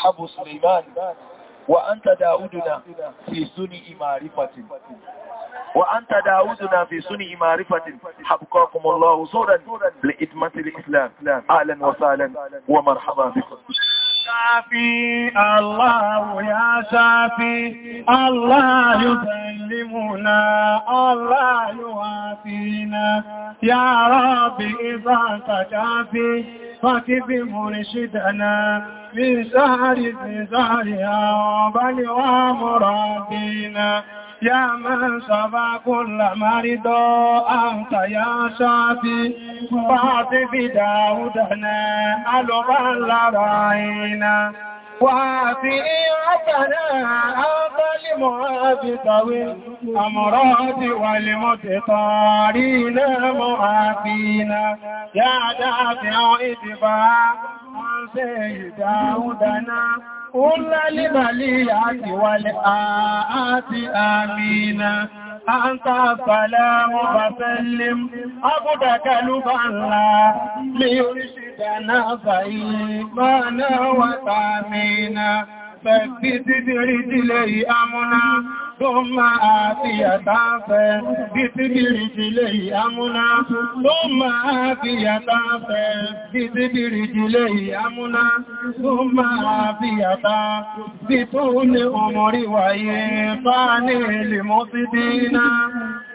أصحاب سليمان وأنت داودنا في سني معرفة وأنت داودنا في سني معرفة حبقاكم الله صورا لإدمة الإسلام أهلا وسهلا ومرحبا بكم شافي الله يا شافي الله يسلمنا الله يوافينا يا ربي إذا تشافي فاكب مرشدنا من سهر من سهرها وبلغ مرابينا يا من سبى كل مرض أنت يا شافي فاطف داودنا ألغى لرائنا وعافي ربنا أعطى لمعافقه أمراض ولمتطارين معافينا يا دافع إدفاع عن سيداودنا كل المليئة والآآت آمين أنت السلام فسلم عبدك لبعلا ليرشدنا فإيمانا وتعمينا Bítíbìrì jílé ìhámúná tó máa àti àtàfẹ́. Bítíbìrì jílé ìhámúná tó máa àti àtàfẹ́. Bítíbìrì jílé ìhámúná tó máa àti àtà. Bító ní ọmọrí wáyé fáà ní ilé mọ́ sí dínà.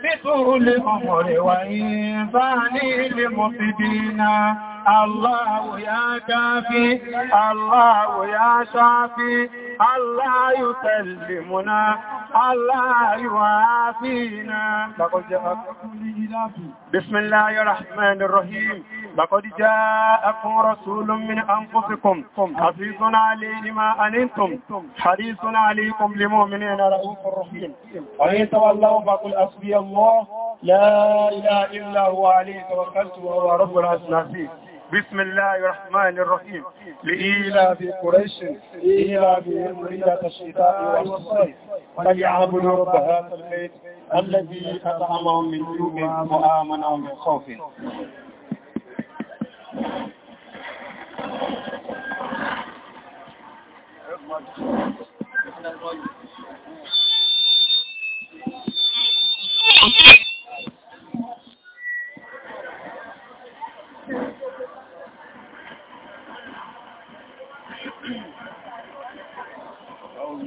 Bító ní ọmọrí wáyé fáà ní ilé mọ́ sí dínà. الله يا كافي الله يا شافي الله يسلمنا الله يعافينا بسم الله الرحمن الرحيم لقد جاءكم رسول من أنفسكم حفيظ عليه ما أنتم حريص عليكم لمؤمنين رؤوف رحيم وإن تولوا فقل أصبي الله لا إله إلا هو عليه توكلت وهو رب العالمين بسم الله الرحمن الرحيم في قريش في مريدة الشتاء والصيف فليعبدوا رب هذا البيت الذي أطعمهم من جوع وآمنهم من خوف Thank you.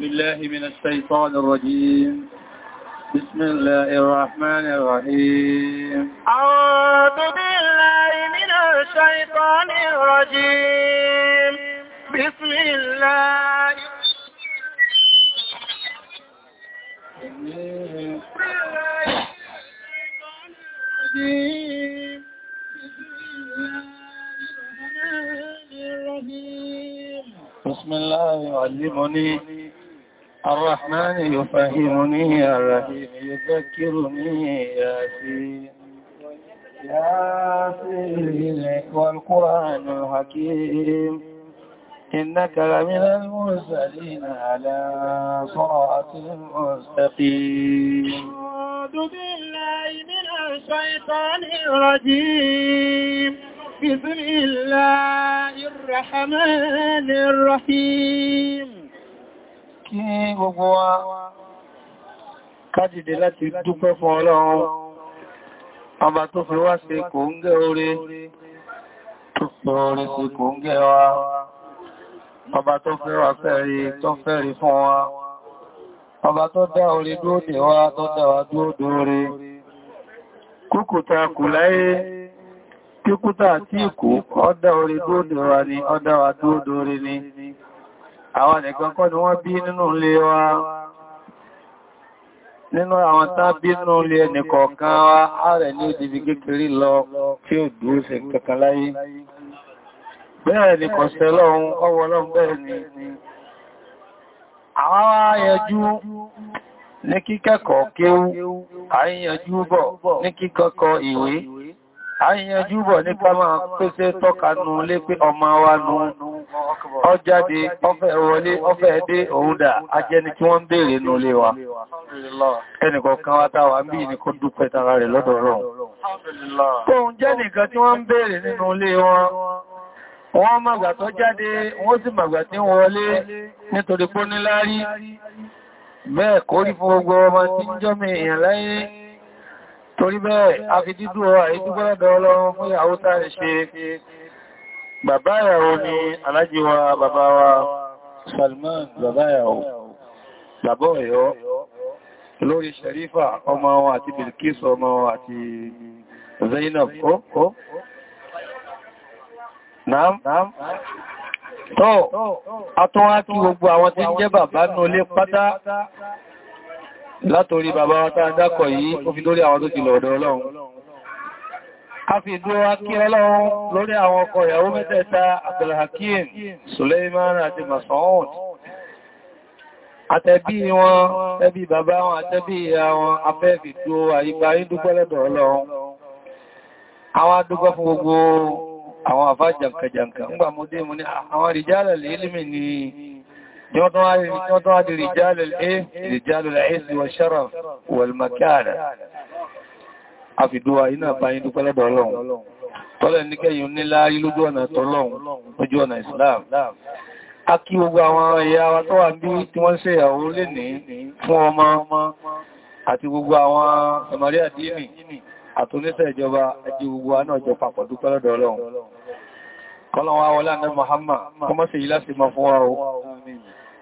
بالله من الشيطان الرجيم بسم الله الرحمن الرحيم أعوذ بالله من الشيطان الرجيم بسم الله بسم الله الرحيم بسم الله يعلمني الرحمن يفهمني الرحيم يذكرني يا ياسين والقرآن الحكيم إنك لمن المرسلين على صراط مستقيم أعوذ بالله من الشيطان الرجيم بسم الله الرحمن الرحيم kí gbogbo wa ká dìde láti dúpẹ́ fún Ọlọ́run ọba tó fi wá ṣe kò ń gẹ́ oore tó fi oore ṣe kò ń gẹ́ wa ọba tó fẹ́ wa fẹ́rí tó fẹ́rí fún wa ọba tó dá orí dúódè wa tó dá wa dúódè orí kúkùtà kù láyé kíkútà tí kù ọdá orí dúódè wa ni ọdá wa dúódè orí ni àwọn nìkan kọ́ ni wọ́n bí nínú ilé wa nínú àwọn tá bí nínú ilé ẹnìkọ̀ọ̀kan wa ààrẹ ní ìdíbi kékeré lọ tí ó dúró sí kankan láyé bẹ́ẹ̀ ni kọ̀sẹ̀ lọ́run ọwọ́ lọ́run bẹ́ẹ̀ ni àwọn ayẹjú ní kíkẹ́kọ̀ọ́ kéwú àyíyànjú bọ̀ ní kíkọ́kọ́ ìwé àyíyànjú bọ̀ nípa máa pèsè tọ́kanú lé pé ọmọ wa nù ọjáde ọfẹ́ wọlé ọfẹ́ dé òun dà ajẹni tí wọ́n béèrè nù lé wa ẹnìkọ̀ọ̀kan wá táwà ń bí ní kó dúpẹ́ tara rẹ̀ lọ́dọ̀ Ọlọ́run tóun jẹ́ nìkan tí wọ́n ń béèrè nínú ilé wọn wọ́n màgbà tó jáde wọ́n sì màgbà tí wọlé nítorí pó níláárí bẹ́ẹ̀ kó rí fún gbogbo ọmọ tí ń jọ́mì èèyàn láyé torí bẹ́ẹ̀ a fi dídú ọ àìdúgbọ́lọ́dọ̀ Ọlọ́run fún ìyàwó tá ṣe bàbá ìyàwó ni alájí wa bàbá wa Salman bàbá ìyàwó bàbá ọ̀yọ́ lórí Sharifa ọmọ wọn àti Bilkis ọmọ wọn àti Zainab ó ó naam tó atọ́wá kí gbogbo àwọn tí ń jẹ́ bàbá nù lé pátá látorí bàbá wa tá dákọ̀ yìí ó fi lórí àwọn tó ti lọ̀dọ̀ Ọlọ́run a fi dúró wá kí ọlọ́run lórí àwọn ọkọ ìyàwó mẹ́tẹ̀ẹ̀ta Abdulhakim Suleiman àti Masoud àtẹ̀bí wọn tẹ́bí bàbá wọn àtẹ́bí ìyá wọn afẹ́fì dúró àyíká ìdúgbọ́ lọ́dọ̀ ọlọ́run àwọn adúgbọ́ fún gbogbo àwọn àfá jàǹkàjàǹkà ńgbà mo dé mo ní ah, àwọn ìjálẹ̀ lè límì ni يعطوا رجال الإيه رجال العز والشرف والمكانة a fi dúwà iná báyín dúpẹ́ lọ́dọ̀ ọlọ́run tọ́lẹ̀ níkẹyìn níláárí lójú ọ̀nà tọ́lọ́run lójú ọ̀nà Islam a kí gbogbo àwọn ẹ̀yà wa tó wà bí tí wọ́n ṣe ìyàwó lè ní fún ọmọ àti gbogbo àwọn ẹ̀mọ̀rí àdínì àtúnlẹ́sẹ̀ ìjọba àti gbogbo àná ọjọ́ papọ̀ dúpẹ́ lọ́dọ̀ ọlọ́run kọ́lọ́wọ́ wọlá ní Muhammad kọmọ́sẹ̀ yìí láti mọ̀ fún wa o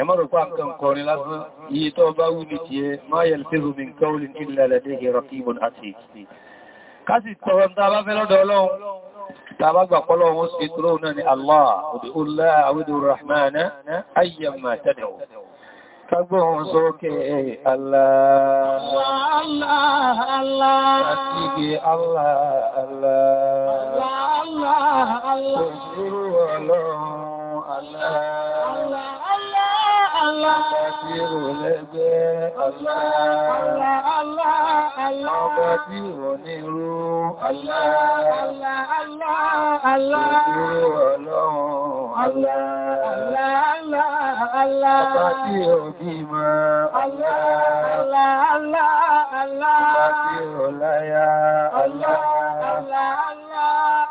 ẹmọ́rùpá nǹkan kọrin lásán iye tó bá wúlì tí ẹ máa yẹ lẹ́fẹ́rù min qawlin illa ladayhi raqibun atid kásì tọrọ ń tàbá fẹ́ lọ́dọ̀ ọlọ́run tàbá gbà pọ́lọ́ wọn sí tó náà ni Allah ud'ullah awidu rahmana ayyamma tad'u Kagbọ́ wọn sókè Allah Allah Allah Àtìgì Allah Allah Allah Allah Òṣìrò ọlọ́run Allah Allah Allah. Ọba tí ò lẹ́gbẹ́ Allah. Allah Allah Allah. Ọba tí ò nírú Allah. Allah Allah Allah. Ìdúró ọlọ́run Allah. Allah Allah Allah. Ọba tí ò bímọ Allah. Allah Allah Allah. Ọba tí ò láyà Allah. Allah Allah.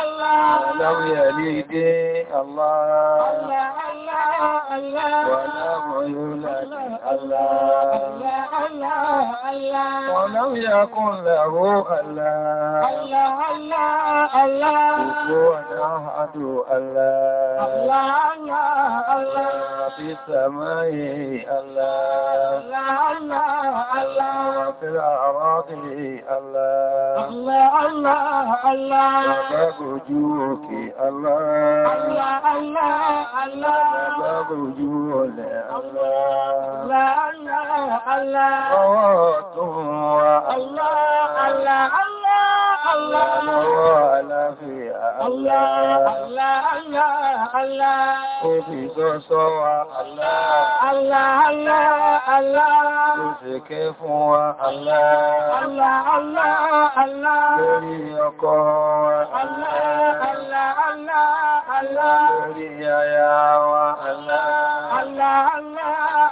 ولو يليدي الله الله الله ولو يولد الله الله الله ولو يكن له الله الله الله الله كفوا أحد الله الله الله في السماء الله الله الله وفي الأراضي الله الله الله الله ojú òkè Allah. Allah, Allah, Allah. Bàbá ojú ọlẹ̀ Allah. Allah, Allah, Allah. Ọwọ́ ọ̀tún wa. Allah, Allah, Allah. Ọwọ́ àlàáfíà Allah. Allah, Allah, Allah. Òbí sọ́sọ́ wa Allah. Allah, Allah, Allah. Òṣè ké fún wa Allah. Allah, Allah, Allah. Lórí ọkọ wa Allah. Allah, Allah, Allah. Lórí aya wa Allah. Allah, Allah.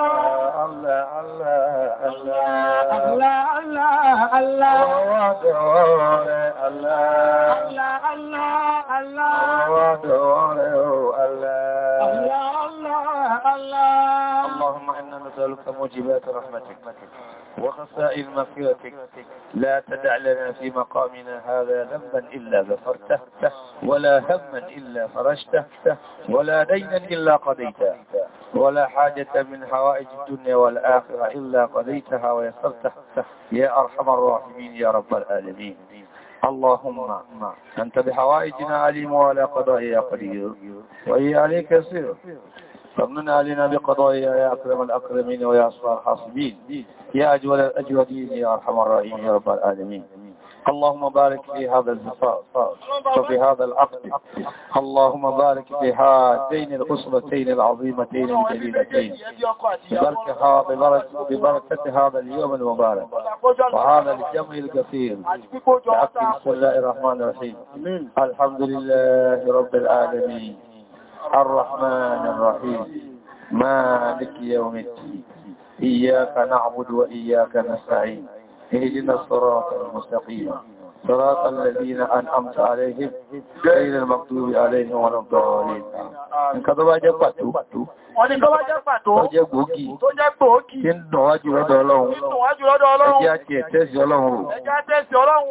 الله الله الله الله الله ودوره الله الله الله الله ودوره الله الله الله الله اللهم إنا نسألك موجبات رحمتك وخسائل مغفرتك لا تدع لنا في مقامنا هذا ذنبا إلا غفرته ولا هما إلا فرجته ولا دينا إلا قضيته ولا حاجة من حوائج الدنيا والآخرة إلا قضيتها ويسرته يا أرحم الراحمين يا رب العالمين اللهم أنت بحوائجنا عليم وعلى قضائها قدير وهي عليك يسير فمن علينا بقضائها يا أكرم الأكرمين ويا أصفى الحاصبين يا أجود الأجودين يا أرحم الراحمين يا رب العالمين اللهم بارك في هذا الزفاف وفي هذا العقد اللهم بارك في هاتين الأسرتين العظيمتين الجليلتين ببركة ببركة ببركة هذا اليوم المبارك وهذا الجمع الكثير بسم الله الرحمن الرحيم الحمد لله رب العالمين الرحمن الرحيم مالك يوم الدين إياك نعبد وإياك نستعين اهدنا الصراط المستقيم صراط الذين أنعمت عليهم غير المكتوب عليهم ولا الضالين ان كذا wọ́n ní kọ́wàá jẹ́ pàtó tó jẹ́ gbòógì tí ń dùn wájú lọ́dọ̀ ọlọ́run ẹjẹ́ àti ẹ̀tẹ́sì ọlọ́run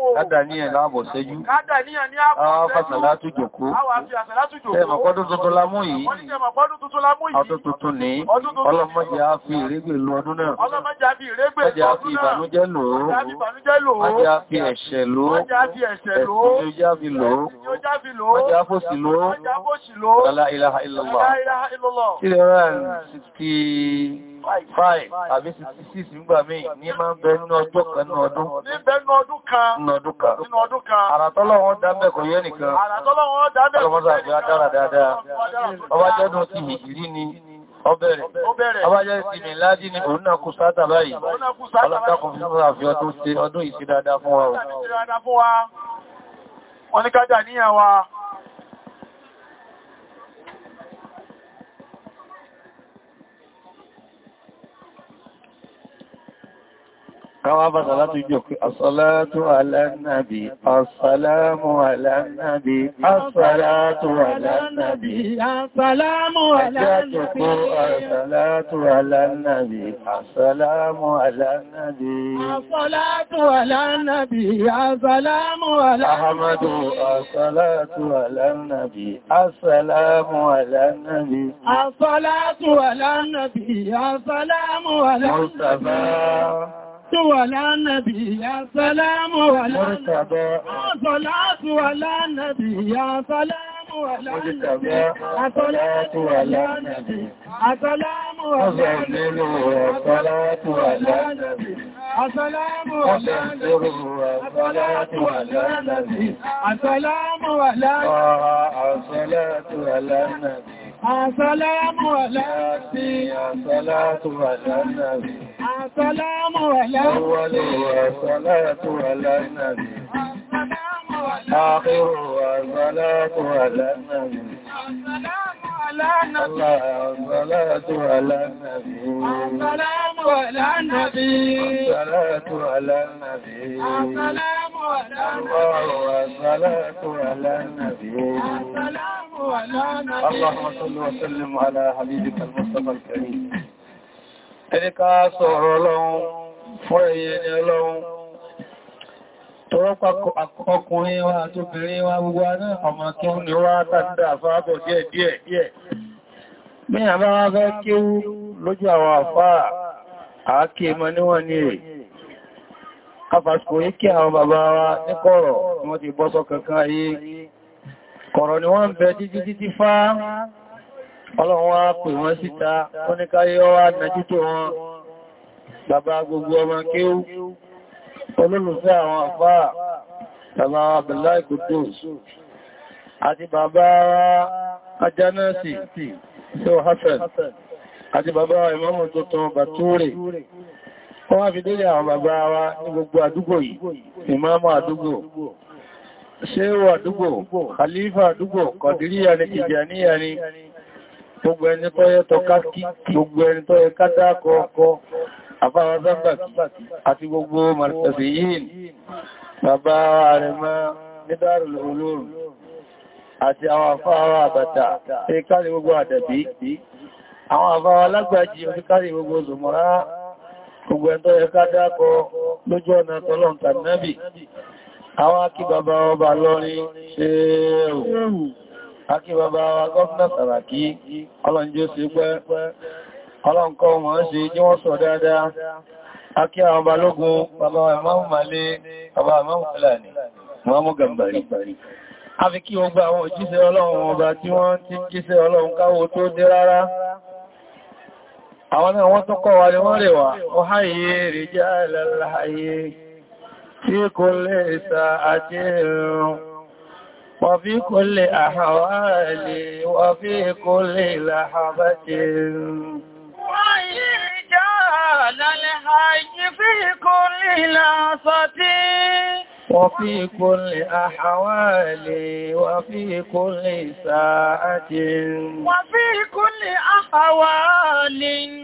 o kádàníyàn láàbọ̀ sẹ́jú àwọn afásàlá tó jòkó tẹ́mọ̀kọ́dún tuntun lámú yìí ọdún tuntun ní ọlọ́mọdé á fi ìrégbè lu ọdún náà ọjọ́ á fi ìbànújẹ́ lòó ọjọ́ á fi ẹ̀ṣẹ̀ lòó ẹ̀ṣẹ̀ lòó ànábì lò ó ilẹ̀ rán 65 àbí 66 nígbà mí ní máa ń bẹ ọjọ́ kan nínú ọdún nínú ọdún kan àràtọ́lọ́ wọn dábẹ̀ kò yẹ́ nìkan ọlọ́mọdé àbí ọbẹ̀rẹ̀ ọbájẹ́ ìsinmi ládí ni òun náà kú sátà báyìí ọlọ́tàkùn fún àfi ọdún ìsí dáadáa fún wa wọ́n ní ká dá níyàn wa káwà bá sàlátù jọ pé asàlátù alánàbí asàlámù alánàbí asàlátù alánàbí asàlámù alánàbí asàlátù alánàbí asàlámù alánàbí asàlátù alánàbí asàlámù alánàbí ahamadu asàlátù alánàbí asàlámù alánàbí asàlátù alánàbí asàlámù alánàbí Sọ́látù wà lánàbì ya sálámù wà lánàbì. Sọ́látù wà lánàbì ya sálámù wà lánàbì. Sọ́látù wà lánàbì. Sọ́lámù wà lánàbì. Sọ́látù wà lánàbì. Asalamu ala nabi, asalatu ala nabi, asalamu ala nabi, asalatu ala nabi. Àṣọ́lámù aláàbí, àṣọ́látù aláàbí. Àṣọ́lámù aláàbí, àṣọ́látù aláàbí. آخر الصلاة على النبي الصلاة على النبي السلام على النبي الصلاة على النبي السلام على النبي على النبي اللهم صل وسلم على حبيبك المصطفى الكريم تلك صور لهم فرين لهم Tọ́rọpàá ọkùnrin wa àti obìnrin wa gbogbo aná ọmọ kí ó ní wá tàbí àfáàbọ̀ díẹ̀ díẹ̀. Bí àbá wá fẹ́ kí ó lójú àwọn àfáà àákí ẹmọ níwọ̀n ní rẹ̀ afàṣkò yí kí àwọn bàbá wa ní kọ̀rọ̀ wọ́n ti bọ́ sọ́kankan ayé kọ̀rọ̀ ni wọ́n bẹ títí títí fá ọlọ́run wá pè wọ́n síta oníkáyé ọwá nàjútó wọn bàbá gbogbo ọmọ kéwú olólùfẹ́ àwọn àfáà bàbá Abdullahi Qudus Hassan àti bàbá ìmọ́mù tó tán bàtúrè wọ́n wá fi délé àwọn bàbá wa ní gbogbo àdúgbò yìí ìmọ́mù àdúgbò ṣéwò àdúgbò khalifa àdúgbò kọ̀dìríyà ní ìjàníyà ní gbogbo ẹni tó yẹ tó káàkì gbogbo ẹni tó yẹ kádákọ ọkọ afáwọn zambaki àti gbogbo martasi yìí bàbá àrẹ̀mọ́ nídàrùn olóòrùn gbogbo àdàbí àwọn àbá alágbàjì oníkárí gbogbo zùmọ́rá gbogbo ẹ̀tọ́ ẹ̀ká dákọ lójú ọ̀nà tọ́lọ̀n tàbí nẹ́bì àwọn akíbàbá ọba lọ́rin ṣe ẹ̀rù akíbàbá gọ́fúnà Sàràkí a fi kí gbogbo àwọn òjíṣẹ́ ọlọ́run ọba tí wọ́n ti jíṣẹ́ ọlọ́run káwò tó dé rárá àwọn náà wọ́n tún kọ́ wa ní wọ́n rẹ̀ wà ó háyé rí jẹ́ àìlàláyé tí kò lè sa àti ìrùn wọ́fí kò lè àhàwàlè wọ́fí kò lè làhàbàtì Wáyé وفي كل أحوال وفي كل ساعة وفي كل أحوال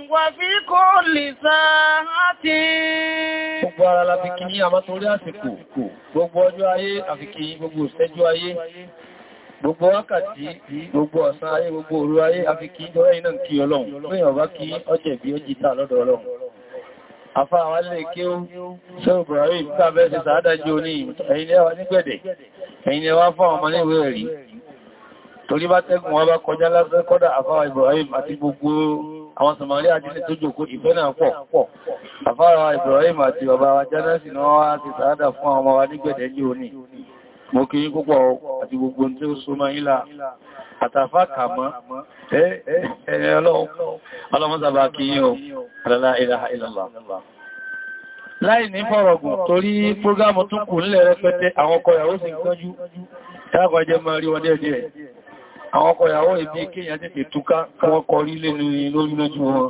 وفي كل ساعة Gbogbo ara la ní àmá torí àsìkò, gbogbo ọjọ́ ayé àfikí, gbogbo ìṣẹ́jú ayé, gbogbo wákàtí, gbogbo ọ̀sán ayé, gbogbo òru ayé àfikí, ìjọ ẹ̀yìn náà kí Ọlọ́run, pé ọ̀bá kí ọjẹ̀bí ó jítà lọ́dọ̀ Ọlọ́run afá àwálé kí ó sọ́rọ̀ bọ̀rọ̀ yìí tàbẹ́ ṣe sàádájú ní ẹ̀yìn ẹwà nígbẹ̀dẹ̀ ẹ̀yìn ẹwà fún ọmọ níwé rí torí bá tẹ́gùn wọ́n bá kọjá lásán kọ́dà àfáwà Ibrahim àti gbogbo àwọn Sàmàrí àjílẹ̀ tó jòkó ìfẹ́ náà pọ̀ àfáwà Ibrahim àti bàbá wa jánásì náà wá ti sàádà fún ọmọ wa nígbẹ̀dẹ̀ ní òní mo kí púpọ̀ àti gbogbo tí ó súnmọ́ ìlà àtàfà kàmọ́ ẹni ọlọ́mọ́sàbà kí yíò la ilaha illallah láì ní fọ́rọ̀gùn torí prógámù tún kù nílẹ̀ rẹpẹtẹ àwọn ọkọ ìyàwó sì ń kánjú tàbí ẹjẹ́ máa rí wọn díẹ̀díẹ̀ àwọn ọkọ ìyàwó ìbí kíyàn tètè túká wọ́n kọ rí lẹ́nu lórí lójú wọn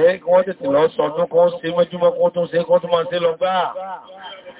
ẹ́ wọ́n tètè lọ sọdún kan ṣe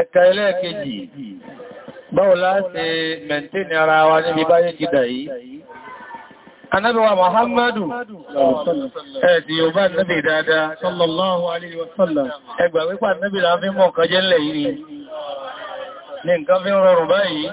ẹ̀ka ẹlẹ́ẹ̀kejì báwo láti ṣe ara wa níbi báyé jìdà yìí anábíwa Muhammadu ẹ̀dì yóò bá nábì dáadáa sallallahu alaihi wasallam ẹgbà wípà nábì la mọ̀ kọjẹ́ ńlẹ̀ yìí ní nǹkan fi ń rọrùn báyìí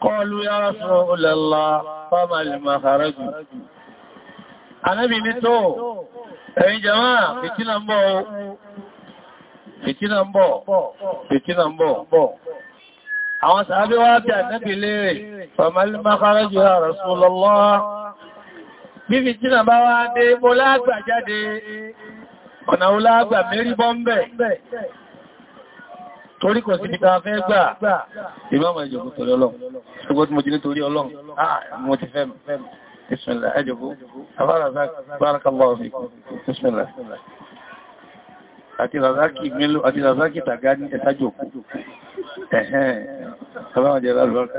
قالوا يا رسول الله فما المخرج Ànábì ní tó ẹ̀yin jàmáà fìtínà ń bọ̀ fìtínà ń bọ̀ fìtínà ń bọ̀ àwọn sàábí wá bí Ànábì léèrè فما المخرج يا رسول الله bí fìtínà bá wá dé bó lágbà jáde ọ̀nà olágbà mérí bọ́m̀bẹ̀ torí kò sí nípa fẹ́ gbà ìbámu ẹjọ̀kú torí ọlọ́run ṣogbo tí mo jí nítorí ọlọ́run ah, mo ti fẹ́ bismillah ẹjọ̀kú barakallahu fikum bismillah àti razaki mélòó àti razaki tàgá ní ẹ̀sájòkú ẹ̀hẹ́n ọlọ́run jẹ́ lálùbáraka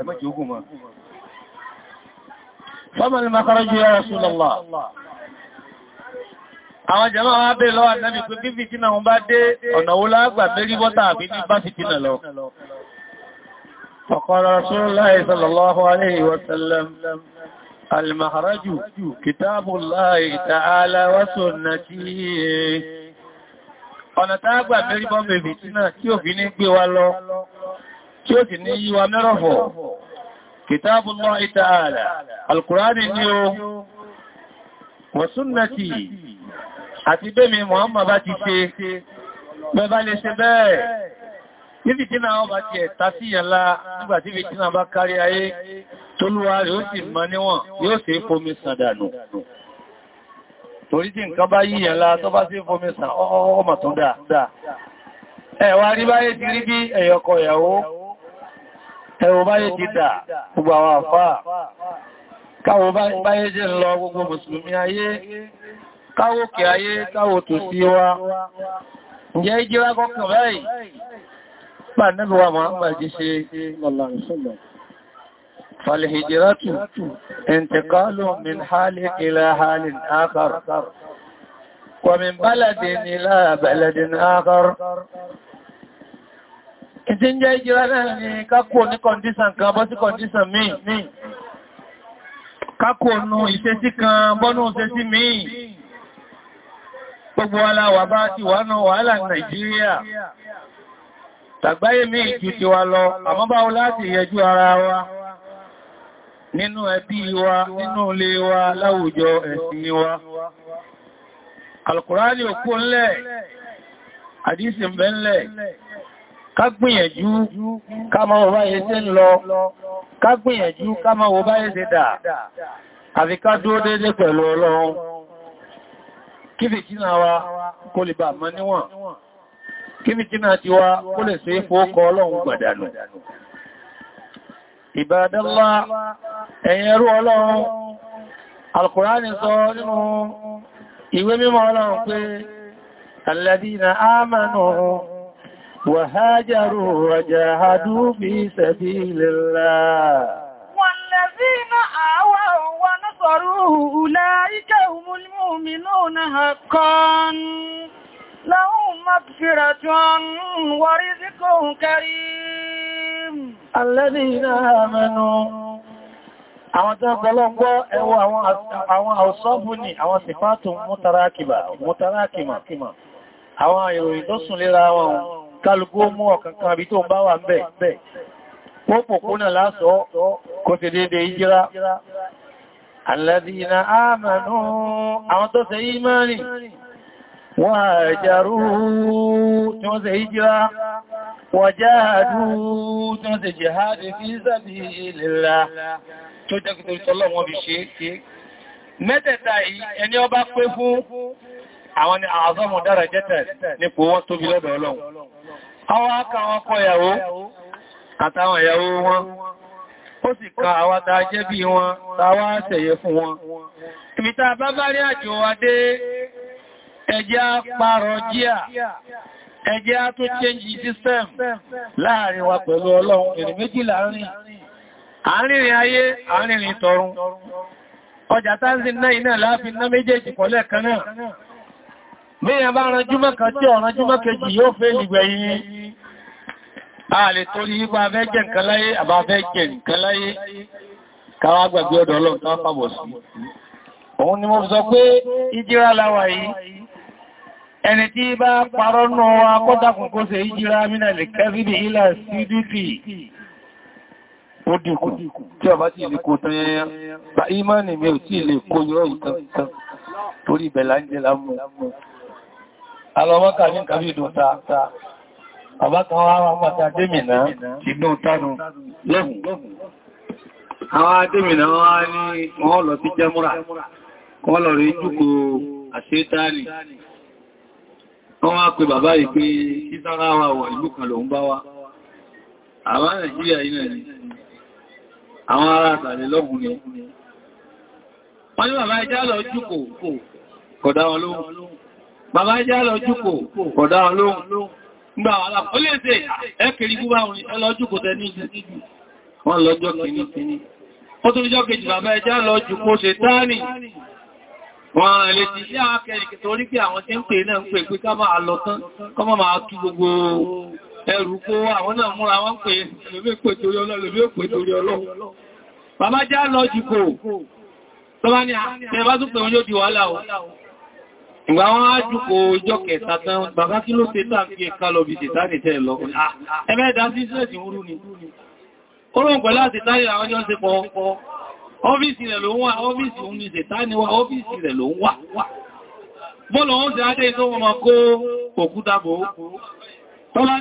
àwọn jẹmọ́ wá bẹ́ lọ́wọ́ àdínábì pé bí fìtínà wọn bá dé ọ̀nà wo lágbà mérí bọ́ta àbí ní bá fìtínà lọ ọ̀kọ̀rọ̀ Rasulullahi sallallahu alayhi wa sallam al-mahraju kitabullahi ta'ala wa sunnatihi ọ̀nà tágbà mérí bọ́ bèbè tí náà tí ò fi ní gbé wa ta'ala al-Qur'ani ni wa sunnati àti bẹ́mi Muhammad bá ti ṣe bẹ́bá lè ṣe bẹ́ẹ̀ níbi tí náà bá ti ẹ̀ta sí yànlá nígbàtí fi tínà bá kárí ayé tó lúwa rẹ̀ ó sì mọ́ níwọ̀n yóò sì fomi sàdánù torí tí nǹkan bá yí yànlá tó bá sí fomi sàn ọmọ tó dà káwọn báyé jẹ́ lọ gbogbo mùsùlùmí ayé káwò kí ayé káwò tó sí wa ǹjẹ́ ìjẹ́ wá kọ́kàn báyìí pà nẹ́bí wa máa ń gbàjí ṣe falhijiratu intikalu min hali ila halin ìtí ń jẹ́ ìjìrá náà ni kákò ní kọndísàn kan bọ́ sí kọndísàn míì kákòónú ìṣesí kan bọ́nú ìṣesí míì gbogbo aláwà bá ti wà náà wàhálà Nàìjíríà tàgbáyé míì jù ti wà lọ àmọ́ báwo láti yẹjú ara wa nínú ẹbí wa nínú ilé wa láwùjọ ẹ̀sìn wa Al-Kùránì òkú ńlẹ̀ àdísì mbẹ́ńlẹ̀ ká gbìyànjú ká máa wọ báyé ṣe ń lọ ká gbìyànjú ká báyé ṣe dà àfi ká dúró déédé pẹ̀lú ọlọ́run kí fìtínà wa kó lè bà mọ́ níwọ̀n kí fìtínà ti wa kó lè ṣe é fòókọ ọlọ́run gbàdànù ìbádọ́lá ẹ̀yin ọlọ́run alkùránì sọ nínú ìwé mímọ́ ọlọ́run pé alladina amanu وهاجروا وجاهدوا في سبيل الله والذين آووا ونصروا أولئك هم المؤمنون حقا لهم مغفرة ورزق كريم الذين آمنوا àwọn tó gbọ́lọ́gbọ́ ẹwọ àwọn àwọ̀sọ́bù ni àwọn sìfàtù mútarákìmà àwọn ìròyìn tó sùn lera wọn kálukú mú ọ̀kankan àbí tó ń bá wà ń bẹ̀. Pópòpónà lásọ kò ti dédé ìjírá. Àlàdìnà àmànú àwọn tó ṣe ìmánì, wọ́n àjàrú tí wọ́n ṣe ìjírá, wọ́n jáàdú tí wọ́n ṣe jihadi fi sábì ìlera tó jẹ́ àwọn ni àzọ́mù dára jẹ́tẹ̀ nípò wọ́n tóbi lọ́dọ̀ ọlọ́run àwọn aka wọn kọ ìyàwó àtàwọn ìyàwó wọn ó sì ka àwa tá a jẹ́ bí wọn tàwa ṣẹ̀yẹ fún wọn ìmìta bá àjò wa dé ẹjẹ́ parọ́ jíà ẹjẹ́ á tó change system láàrin wa pẹ̀lú ọlọ́run èrè méjì láàrin àárín ayé àárín tọ̀run ọjà tá ń sin náà iná láàfin ná méjèèjì pọ̀lẹ̀ kan Béèyàn bá ranjú mọ́kàn tí ọ̀ranjú mọ́kejì yóò fẹ́ ìgbẹ̀yìn. A lè torí ipa fẹ́ jẹ nǹkan láyé, àbá fẹ́ jẹ nǹkan láyé, káwà gbàgbé ọ̀dọ̀ Ọlọ́run ká pàbọ̀ sí. Òun ni mo sọ pé ìjírá láwà yìí, ẹni tí bá parọ́ nù wa kọ́tàkùn kó ṣe ìjírá mínà lè kẹ́rìdì ilà CDP torí ìbẹ̀lá ń jẹ́ lámú alọ́wọ́kà ní kàrí ìdọ̀ta bàbá kan wá wọ́n pàtà dẹ́mìnà ìgbó tánù lẹ́hùn àwọn adẹ́mìnà wá ní wọ́n lọ sí jẹ́múra wọ́n lọ rí jùkú àṣẹ́tàní wọ́n wá pé bàbá yìí pé títàrà wà wọ̀ ìlú kan lòun bá wá àwọn Nàìjíríà yìí náà kọ̀dá wọn lóhùn bàbá jẹ́ lọ́júkò ọ̀dá olóhun gbà aláàpọ̀ lè ṣe ẹ́kìrí gúbà òní ẹlọ́júkò tẹ ní ìjú wọ́n lọ́jọ́ kìíní kìíní ó tó jọ́ kejì bàbá ẹjẹ́ lọ́júkò ṣe táàní wọ́n lè ti ṣe àkẹ́rì torí pé àwọn tí ń pè náà ń pè pé ká máa lọ tán kọ́ máa máa tú gbogbo ẹrù kó àwọn náà múra wọ́n já lọ́júkò tó bá ní àtẹ́bá tún pè wọ́n yóò di wàhálà ìgbà wọn á jùkò ìjọ kẹta tán bàbá kí ló ṣe tàà fi ẹ̀ká lọ bí ṣètà ní tẹ́ ah, lọ ẹ̀mẹ́ẹ̀dá sí ṣẹ́ẹ̀sì wúrú ni ó rọ̀ pẹ̀lá ṣètà ìrà ọjọ́ ṣe pọ̀ ọ́fíìsì rẹ̀ ló ń wà ọ́fíìsì òun ni ṣètà ní wà ọ́fíìsì rẹ̀ ló ń wà bọ́lọ̀ wọ́n ṣe adé tó wọn kó òkúta bò ó tọ́lá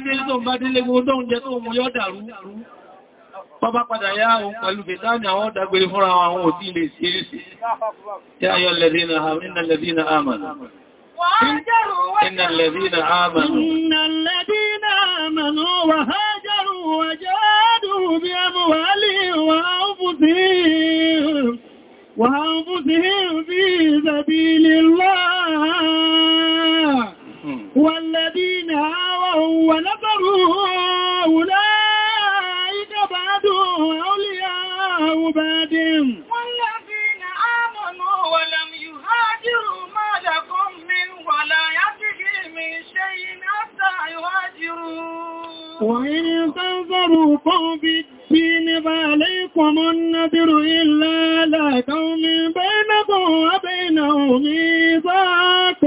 wọ́n bá padà yá àwọn pẹ̀lú fìtánì àwọn dàgbèrè fúnra àwọn òtí ilé ìsìírísì yá yọ lẹ́dínà àmàlù إن الذين آمنوا إن الذين آمنوا وهاجروا وجادوا بأموالهم وأنفسهم وأنفسهم في سبيل الله والذين آووا ونفروا أولئك الله بادم والذين آمنوا ولم يهاجروا ما لكم من ولايتهم من شيء حتى يهاجروا وإن تنظروكم في الدين فعليكم النذر إلا لكم من بينكم وبينهم ميثاق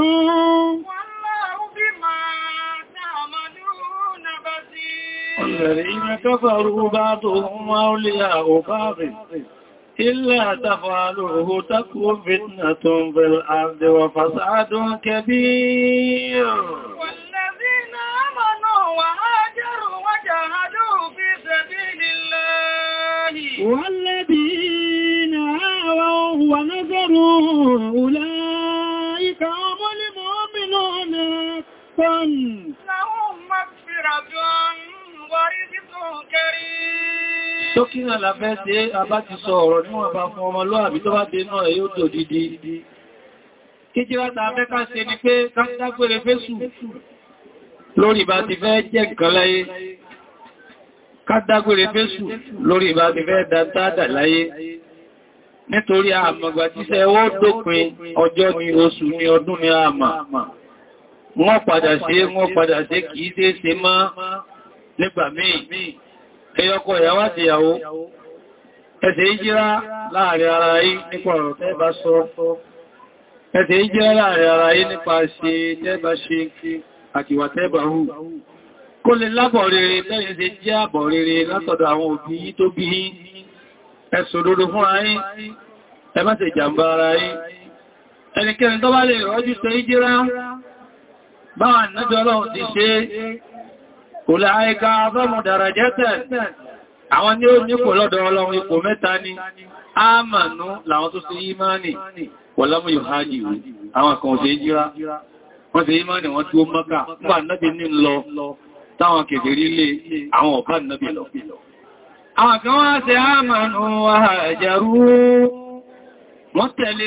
الذين كفروا بعضهم أولياء بعض إلا تفعلوه تكون فتنة في الأرض وفساد كبير والذين آمنوا وهاجروا وجاهدوا في سبيل الله والذين آووا ونذروا أولئك هم المؤمنون Ṣókínà làfẹ́ ṣe àbá ti sọ ọ̀rọ̀ níwọ̀n bá fún ọmọlúàbí tó bá dénú ẹ̀ yóò tó dìdí. Kíjírátà Amẹ́ká ṣe ni pé káńdágbére fésù lórí bá ti fẹ́ jẹ́ nǹkan láyé. Káńdágbére fésù lórí bá ti fẹ́ dáadáa láyé. Nítorí àmọ̀gbà tíṣẹ́ ó dópin ọjọ́ ni oṣù ni ọdún ni àmà. Wọ́n padà ṣe, wọ́n padà ṣe kìí ṣe ṣe máa nígbà míì ẹyọkọ ìyàwó àti ìyàwó ẹsẹ̀ ìjírá láàrin ara yìí nípa ọ̀rọ̀ tẹ́ bá sọ ẹsẹ̀ ìjírá láàrin ara yìí nípa ṣe tẹ́ bá ṣe àkìwà tẹ́ bá hù kó lè lábọ̀ rere bẹ́yẹn ṣe jẹ́ àbọ̀ rere látọ̀dọ̀ àwọn òbí yìí tó bí ẹ̀sùn òdodo fún ayín ẹ má ṣe jàmbá ara yìí ẹnikẹ́ni tó bá lè rọ́jú ṣe ìjírá báwọn ìnájọ́ ọlọ́run ti ṣe Ulaika azamu darajatan àwọn ni ó nípò lọ́dọ̀ ọlọ́run ipò mẹ́ta ni ámànú làwọn tó ṣe ìmáni wọ̀lámù yóò hajji ìwé àwọn kan ṣe jíra wọ́n ṣe ìmáni wọ́n tí ó mọ́ká nígbà náàbì ní lọ táwọn kèfèrí lé àwọn ọ̀pá náàbì lọ àwọn kan wá ṣe ámànú àjàrú wọ́n tẹ̀lé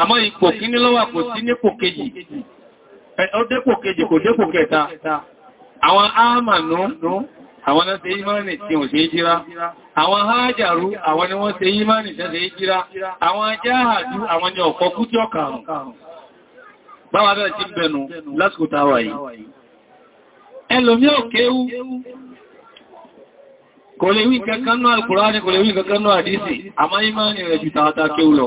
àmọ́ ipò kíní ló wà kò sí nípò kejì ó dépò kejì kò dépò kẹta àwọn ámànú àwọn náà ṣe ìmánì tí ò ṣe jíra àwọn hájàrú àwọn ni wọ́n ṣe ìmánì tí ṣe jíra àwọn ajáhàdú àwọn ni ọ̀kọ́ kú tí ọkà báwa bẹ́ẹ̀ ti bẹnu lásìkò táwà yìí ẹlòmí kò lè wí kankan náà kò lè wí kankan àdísì àmá ìmánì rẹ̀ ju tààtà kéwú lọ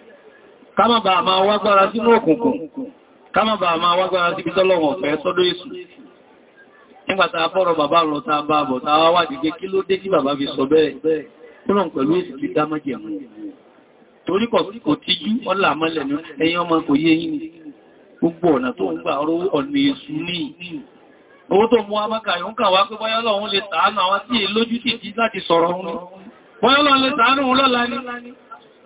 kámàbà máa wágbára sínú òkùnkùn kámàbà máa wágbára sí ibi tọ́lọ̀wọ̀n fẹ́ sọ́dọ̀ èsù nígbàtà afọ́rọ̀ bàbá lọ ta bá bọ̀ ta wá wádìí pé kí ló dé kí bàbá fi sọ bẹ́ẹ̀ kúrò pẹ̀lú èsì ti dá mọ́jẹ̀ mú torí kò tíjú ọlà mọ́lẹ̀ ní ẹ̀yin ọmọ kò yé yín gbogbo ọ̀nà tó ń gbà ọ̀rọ̀ ọ̀nà èsù ní owó tó mú amákà yóò kà wá pé bọ́yọ́lọ́ òun lè sàánù àwọn tí èlójú tìjí láti sọ̀rọ̀ òun bọ́yọ́lọ́ lè sàánù òun lọ́la ní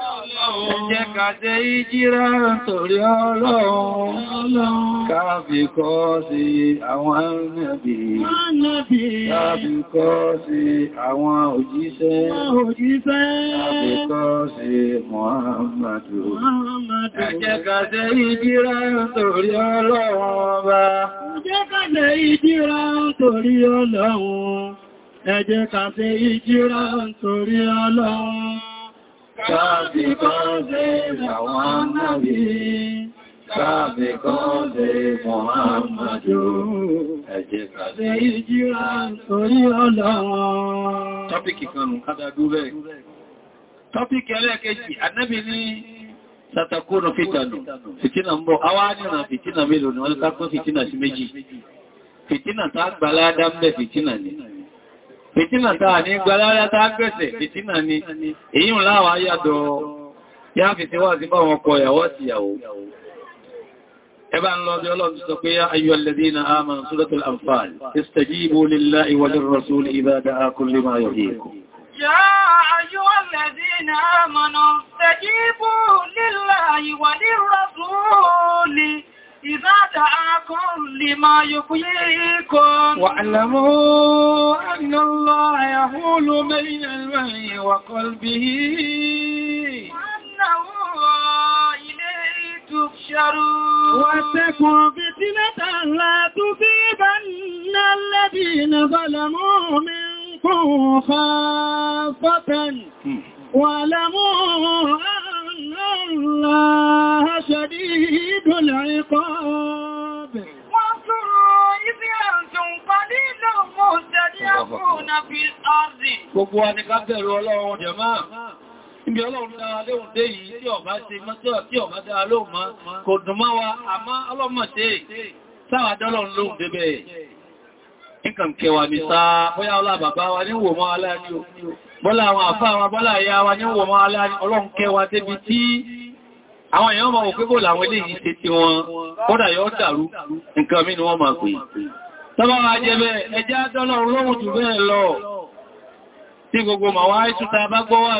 Ẹ jẹ́ ká ṣe ìjírá torí Ọlọ́run káàbì kọ́ sí àwọn ànábì káàbì kọ́ sí àwọn òjíṣẹ́ káàbì kọ́ sí Muhammadu ẹ jẹ́ ká ṣe ìjírá torí Ọlọ́run bá ẹ ká ṣe ìjírá torí Ọlọ́run ẹ ká ṣe ìjírá torí Ọlọ́run Happy birthday, Lawan Nabi. Happy birthday, Muhammadu. Ẹ jẹ́ ká ṣe ìjírà sórí ọ̀dá. Tọ́pìkì kanù kádà dúrẹ́. Tọ́pìkì ẹlẹ́kẹ́jì, Ànábì ní Sàtàkónà fìtànù, fìtínà ń bọ̀, awá nìrà fìtínà mélòó ni wọ́n lọ́ta fún fìtínà sí méjì. Fìtínà tá ni ìtínà tàà ní gbalára tàà gbẹ̀sẹ̀ ìtínà ni èyí ń láwàá yàdọ̀ yá fi ti wá sí bá wọn kọ ìyàwó sí ìyàwó ẹbá ń lọ́dí ọlọ́dún sọ pé ayyọ alladhina amanu suratul anfal istajibu lillahi wa lirrasul idha da'akum lima yuhyikum إذا دعاكم لما يحييكم واعلموا أن الله يحول بين المرء وقلبه وأنه إليه تبشرون واتقوا فتنة لا تصيبن الذين ظلموا منكم خافة واعلموا الله شديد العقاب وانصروا إذ أنتم قليل مهتدئون في الأرض gbogbo wa ni ká bẹ̀rù ọlọ́run jẹ̀má ibi ọlọ́run dára léhùn dé yìí tí ọba ṣe mọ́tọ́ tí ọba dára lóhùn má kò dùn mọ́ wa àmọ́ ọlọ́mọ̀ ṣe sáwà dọ́lọ́run lóhùn débẹ̀ nǹkan kẹwàá ní sáà bóyá ọlá bàbá wa ní wò mọ́ aláàrí bọ́lá àwọn àfá àwọn bọ́lá ìyá wa ní wọ̀n máa láàrin ọlọ́nkẹwà débi tí àwọn èèyàn máa òkú bòlá àwọn eléyìí ṣe ti wọn kódà yóò dàrú nǹkan mí ni wọ́n máa pè tọ́bá máa ẹjẹ́ adọ́lọ́run lóhun jù bẹ́ẹ̀ lọ tí gbogbo màwá ìtúta bá gbọ́ wà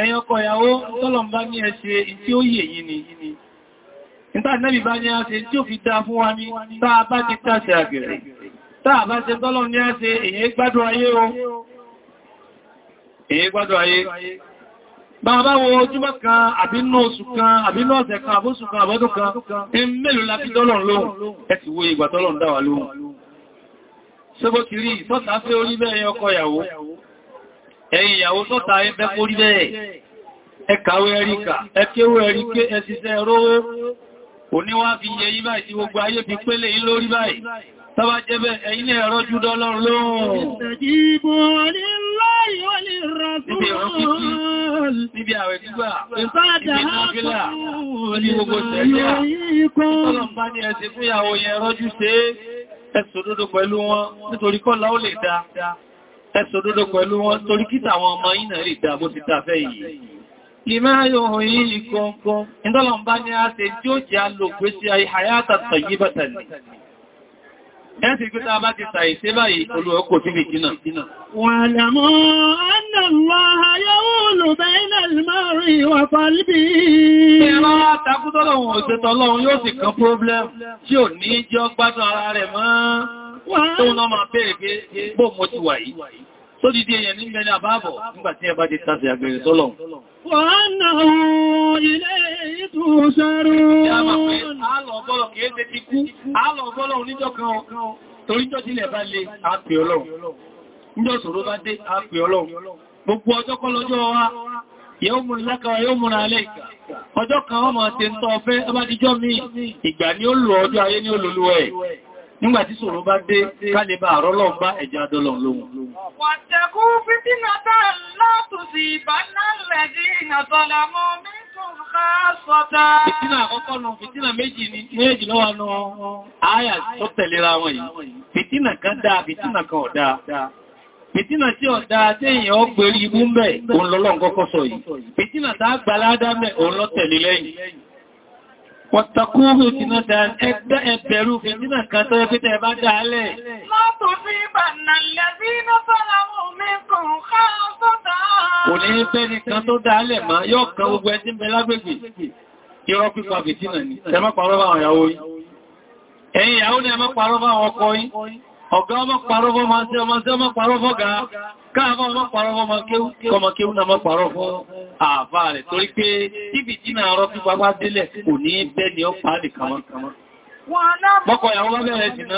ẹ̀yin ọkọ ìyàwó tọ́lọ̀m bá ní ẹṣe tí ó yè yìí ni nígbà nẹ́bì bá ní àṣẹ tí ó fi dá fún wa ní táa bá ti tàṣẹ àgbèrè táa bá ṣe tọ́lọ̀ ní àṣẹ èyí gbádùn ayé o èyí gbádùn ayé bá bá wo ojúmọ́ kan àbínú oṣù kan àbínú ọ̀sẹ̀ kan ẹ̀yin ìyàwó tó ta ẹgbẹ́ kórí bẹ́ẹ̀ ẹkàwé ẹríkà ẹkéwé ẹríké ẹsìsẹ́ rówó oníwá fi yẹ yí báyìí tí gbogbo ayé fi pélé yí lórí báyìí tọ́bá jẹ́bẹ̀ ẹ̀yin lè rọ́ jú dọ́lọ́run lóòrùn ẹsọ dúdó pẹ̀lú wọn torí kíta àwọn ọmọ yínà lè dá bó ti tàfẹ́ yìí. Ìmá yóò yìí kọ́kọ́, ìdọ́lọ̀ bá a ṣe tí ó jẹ́ alògbé sí àyíhàyátà tàyí bàtàlì. Ẹ́sì pé ta bá ti tàyí sí báyìí olùọ́kò tí tó wọ́n máa bẹ́ẹ̀ pé bó mo ti wà yìí tó dìde èèyàn ní mẹ́lẹ̀ àbábọ̀ nígbàtí ẹ bá ti tàṣẹ àgbèrè tọ́lọ̀ Gbogbo ọjọ́ kọlọjọ́ wa yóò mú lákà yóò múra alẹ́ìkà ọjọ́ kan wọ́n máa ṣe ń tọ́ ọfẹ́ ọbájíjọ́ mi ìgbà ni ó lò ọjọ́ ayé ni ó lòlúwẹ̀ nígbàtí ṣòro bá dé kálébà àrọ́lọ́ bá ẹ̀jẹ́ adọ́lọ̀ lóhun. wàtẹ̀kú fìtínàtà látòsí ìbánálẹ̀dí ìnàtọ̀lá mọ́ mẹ́sùn ká sọ́tà. fìtínà àkọ́kọ́ nù fìtínà méjì ní méjì lọ́wọ́ nù àyà tó tẹ̀lera wọn yìí fìtínà kan dáa fìtínà kan ọ̀dá Fìtínà tí ọ̀dá tí èèyàn ó gbèrí ibú ń bẹ̀, òun lọ́lọ́ Wọ̀tàkúrò ìtìnà ẹgbẹ́ ẹgbẹ̀rú fìtínà kan tó ẹgbẹ́ tẹ́ bá dáálẹ̀. Mọ́tò sí ìbànà lẹ́bí iná sọ́lá mú mi kùn ká sọ́tà. Kò ní ẹgbẹ́ nìkan tó dáálẹ̀ máa yóò kan gbogbo ẹjí káàkọ́ ọmọpàá ọmọ kéwú náà mọ́pàá fún ààfà rẹ̀ torí pé ibi tí náà rọ́ pípa bá délẹ̀ kò ní bẹ́ ni ó pàá nìkanmọ́. Mọ́kọ̀ ìyàwó bá bẹ̀rẹ̀ jìnà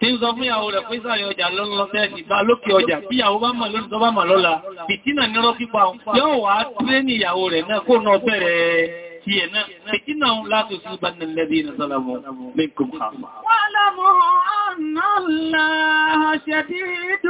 tí ń sọ fún ìyàwó rẹ̀ pín sáàrin ọjà lọ́lọ́fẹ́ ìbá lókè ọjà bí ìyàwó bá mọ̀ lórí tọ́bá mọ̀ lọ́la fìtínà tí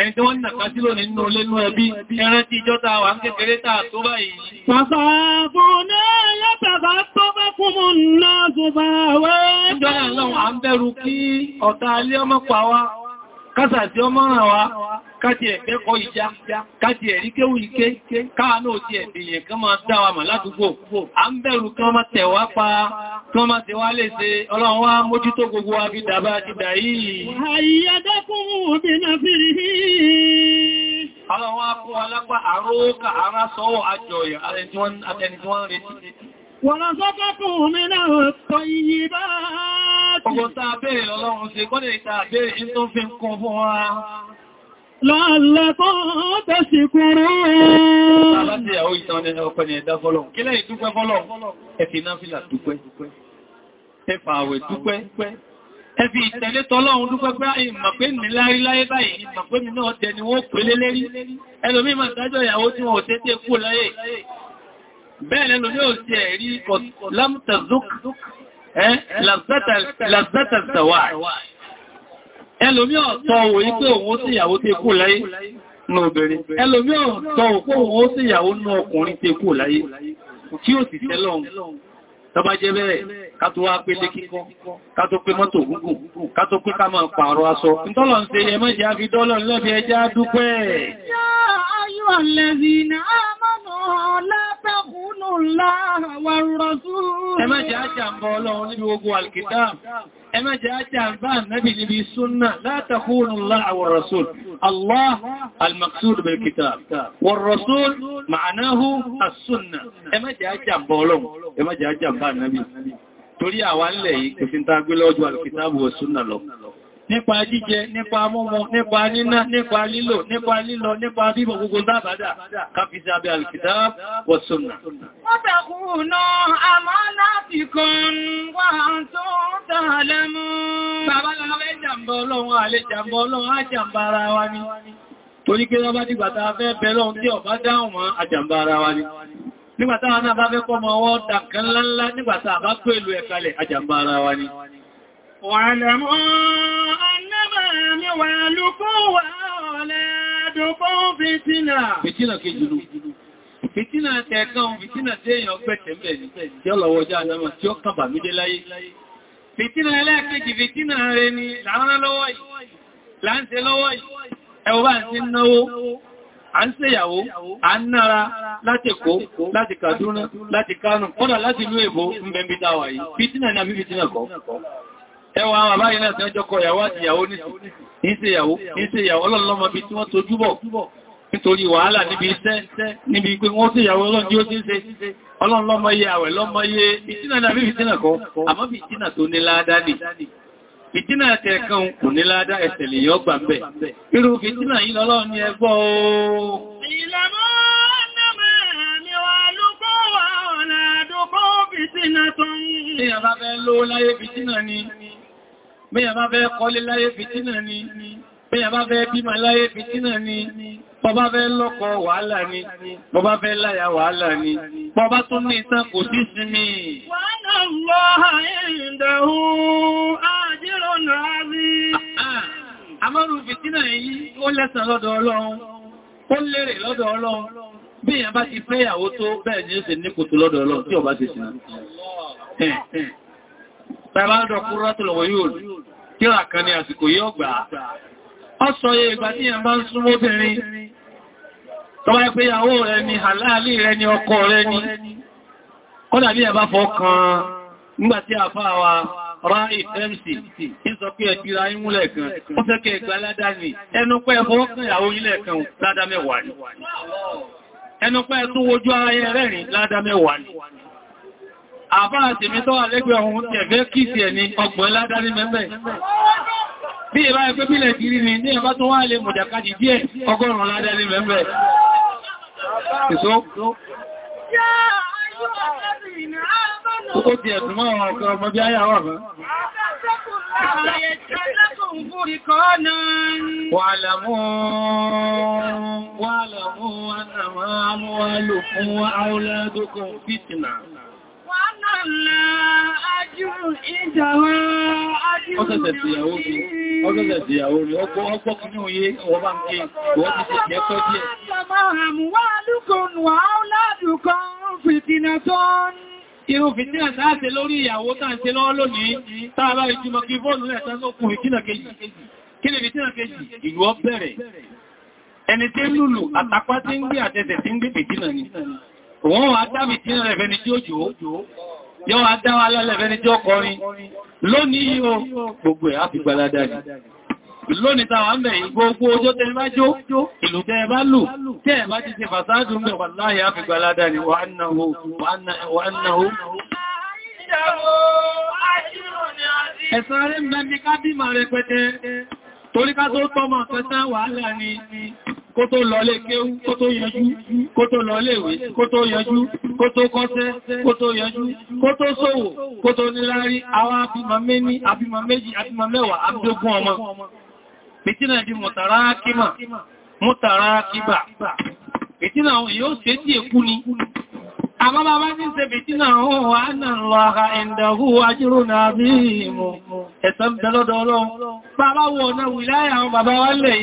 ẹni tí wọ́n nàkà sílò nínú olónú ẹbí ẹran tí ìjọta wà ń kékeré tàà tó báyìí. Bàbá àbúnà látàbà tó bá fún mú náà tó bá wẹ́. Ìjọ́ kásà tí ó mọ́ràn wá káti ẹ̀fẹ́ kọ ìjá káti ẹ̀ríkéwù ike káàánú ti ẹ̀bìyàn kan máa dáwà mà ládùúgbò a ń bẹ̀rù kan máa tẹ̀wá pa kan máa tẹ̀wá lè ṣe ọlọ́run wá mójútó gbogbo wa bí fún Ọgbọ̀n tá a béèrè lọ́lọ́run ṣe kọ́lẹ̀ ìta àbẹ́ ìṣẹ́ tó fi ń kún fún wa. Lọ́lọ́kọ́ tó sì kúrò. Láti ìyàwó ìtàn ni ọkọ̀ ni ẹ̀dá fọ́lọ̀. Kílẹ̀ ìdúpẹ́ fọ́lọ̀, ẹ̀fì náà fìlà dúpẹ́, ẹ̀fà àwẹ̀ dúpẹ́, ẹ̀fì ìtẹ̀lé tọ́lọ́run dúpẹ́ pé ìmọ̀ pé ní ò sí lámùtàzúk làzẹ́tẹ̀ tẹ̀wà ẹlòmí ọ̀tọ̀ òwò yí pé òun ó sì ìyàwó tí kú láyé ní obìnrin ẹlòmí ọ̀tọ̀ òpó òun ó sì ìyàwó ní ọkùnrin tí kú láyé tí ó sì tẹ́lọ̀ tọba jẹ́ bẹ́ẹ̀ ká tó wá pé lé kíkọ́ ká tó pé mọ́tò gúgùn ká tó pé ká máa pààrọ̀ aṣọ nítọ́lọ̀ ń ṣe ẹmọ́jẹ́ àfi dọ́lọ̀ lọ́bí ẹjá dúpẹ́ أيها الذين آمنوا لا تخونوا الله والرسول ẹ má jẹ́ àjàmbá Ọlọ́run níbi gbogbo alkitab ẹ má jẹ́ àjàmbá Nábì níbi súnnà لا تخونوا الله والرسول الله المقصود بالكتاب والرسول معناه السنة ẹ má jẹ́ àjàmbá Ọlọ́run ẹ má jẹ́ àjàmbá Nábì torí àwa ń lẹ̀ yìí kò sí ń tá gbé lọ́jọ́ alkitabu wa súnnà lọ nípa jíjẹ nípa múmu nípa níná nípa lílò nípa lílọ nípa bíbọ̀ gbogbo dábàdà káfíìsì abẹ́ al-kitab wa sunnah. Wọ́n tẹ̀kùn àmọ́ láti kan wà tó tààlẹ́mú. nígbàtá àwọn náà bá fẹ́ kọ́ mọ ọwọ́ dàkan láńlá nígbàtá àbá pẹ̀lú ẹ̀kalẹ̀ àjàmbá wa ni. Wà lẹ́mọ́ wà lókó wà ọ̀lẹ́ àdókó fìtínà. Fìtínà kejìlú. Fìtínà tẹ̀ẹ̀kan fìtínà tí èèyàn pẹ̀tẹ̀ mẹ́rin tí ó lọ́wọ́ já àdámà tí ó kàn bàmídé láyé. Fìtínà ẹlẹ́ẹ̀kejì fìtínà rẹ ni láàrín lọ́wọ́ yìí, láńṣe lọ́wọ́ yìí, ẹwà àti náwó, à ń ṣèyàwó, à ń nára láti Èkó, láti Kàdúná, láti Kánù, kọ́dà láti ìlú Èbó ń bẹ̀m̀bí táwà yìí. Fìtínà ni àbí fìtínà kọ́. Ẹwà àwọn àbáyé náà tí wọ́n jọ kọ ìyàwó àti ìyàwó nìsìn ìṣẹ́yàwó ìṣẹ́yàwó ọlọ́lọ́mọ bí tí wọ́n tojú bọ̀ nítorí wàhálà níbi iṣẹ́ níbi pé wọ́n tí ìyàwó ọlọ́run jí ó ti ṣe ọlọ́lọ́mọ iye àwẹ̀ lọ́mọ iye ìtínà ní àbí ìtínà kan àmọ́ bí ìtínà tó ní láádá nì ìtínà tẹ̀ẹ̀kan kò ní láádá ẹ̀sẹ̀ lè yọ́ gbà mẹ́ irú ìtínà yìí lọ́lọ́run ni ẹgbọ́ ooo ìlàmọ́ ọ̀nà mẹ́rin Bẹ́yàn bá fẹ́ kọ́lé láyé fìtínà ni, bẹ́yàn bá fẹ́ bímọ láyé fìtínà ni, bọ́bá fẹ́ lọ́kọ wàhálà ni, bọ́bá fẹ́ láyà wàhálà ah, ah. Àmọ́rù fìtínà yìí ó lẹ́sàn lọ́dọ̀ Ọlọ́run, ó lérè lọ́dọ̀ Ọlọ́run, bí èèyàn bá ti fẹ́yàwó tó bẹ́ẹ̀ ni ó ṣe ní kòtò lọ́dọ̀ Ọlọ́run tí ó Bàbá ń dọ̀kú rọ́tùlọ̀wọ̀ yóò tí wà kan ní àsìkò yóò gbà. Ọ sọ yẹ ìgbà tí yẹn ń súnmọ́ obìnrin. Tọ́wọ́ ẹ pé ìyàwó rẹ ni, àláàlì rẹ ni, ọkọ rẹ ni. Kọ́dà bí ẹ̀bá fọ́ kan nígbà tí àfá wa rá ìfẹ́msì tí sọ pé ẹ̀kìra ìmúlẹ̀ kan, ó fẹ́ kẹ ìgbà ládá ni, ẹnu pẹ́ fọ́ kan ìyàwó ilẹ̀ kan ládá mẹ́wàá ni. Ẹnu pẹ́ tún wojú ara àbá àti mi tó wà lẹ́gbẹ̀ẹ́ ohun ti ẹ̀fẹ́ kìí sí ẹni ọgbọ̀n ládárí mẹ́mẹ́ bí ìbá ẹgbẹ́ bílẹ̀ kiri ni ní ẹ̀bá tó wá lè mọ̀jàkájì díẹ̀ ọgọ́rùn-ún ládárí mẹ́mẹ́ Ó ti ẹ̀sùn mọ́ àwọn ọ̀kan ọmọ bí áyà wà mọ́. Wàlàmú wàlàmú àtàmà àmúwàlò fún àúládókùn fìtìnà. Ọjọ́sẹ̀ ìyàwó rí ọgbọ́ kí ní òye ọwọ́ bá ń ké, wọ́n lórí ìyàwó tàà ṣe lọ́wọ́ lónìí tàà bá ìjùmọ̀ kí fóònù rẹ̀ tán lókùn fìtínà kejì kí ni fìtínà kejì ìlú ọbẹ̀rẹ̀ ẹni tí lùlù àtàpá tí ń gbé àtẹ́tẹ̀ tí ń gbé yọ́ wa dá wa lálẹ́fẹ́ ní tí ó kọrin lónìí o gbogbo ẹ̀ á fi gbalada ni lónìí tàwà ń bẹ̀ gbogbo ojó tẹ́ bá jó ìlú tẹ́ bá lù tẹ́ bá ti ṣe fàsádù ń bẹ̀ wàláhì á fi gbalada ni wà annahu wà annahu ẹ̀sán rẹ̀ ń bẹ́ mi ká bí màá ni kó tó lọlé kéwú kó tó yanjú kó tó lọlé ìwé kó tó yanjú kó tó kọ́ṣẹ́ kó tó yanjú kó tó kó tó níláárí àwọn méní méjì mẹ́wàá ọmọ pìtínà di mọ̀tàrákímà mọ̀tàrákíbà pìtínà yóò ṣe tí èkú ni àmọ́ ní ṣe pìtínà lọ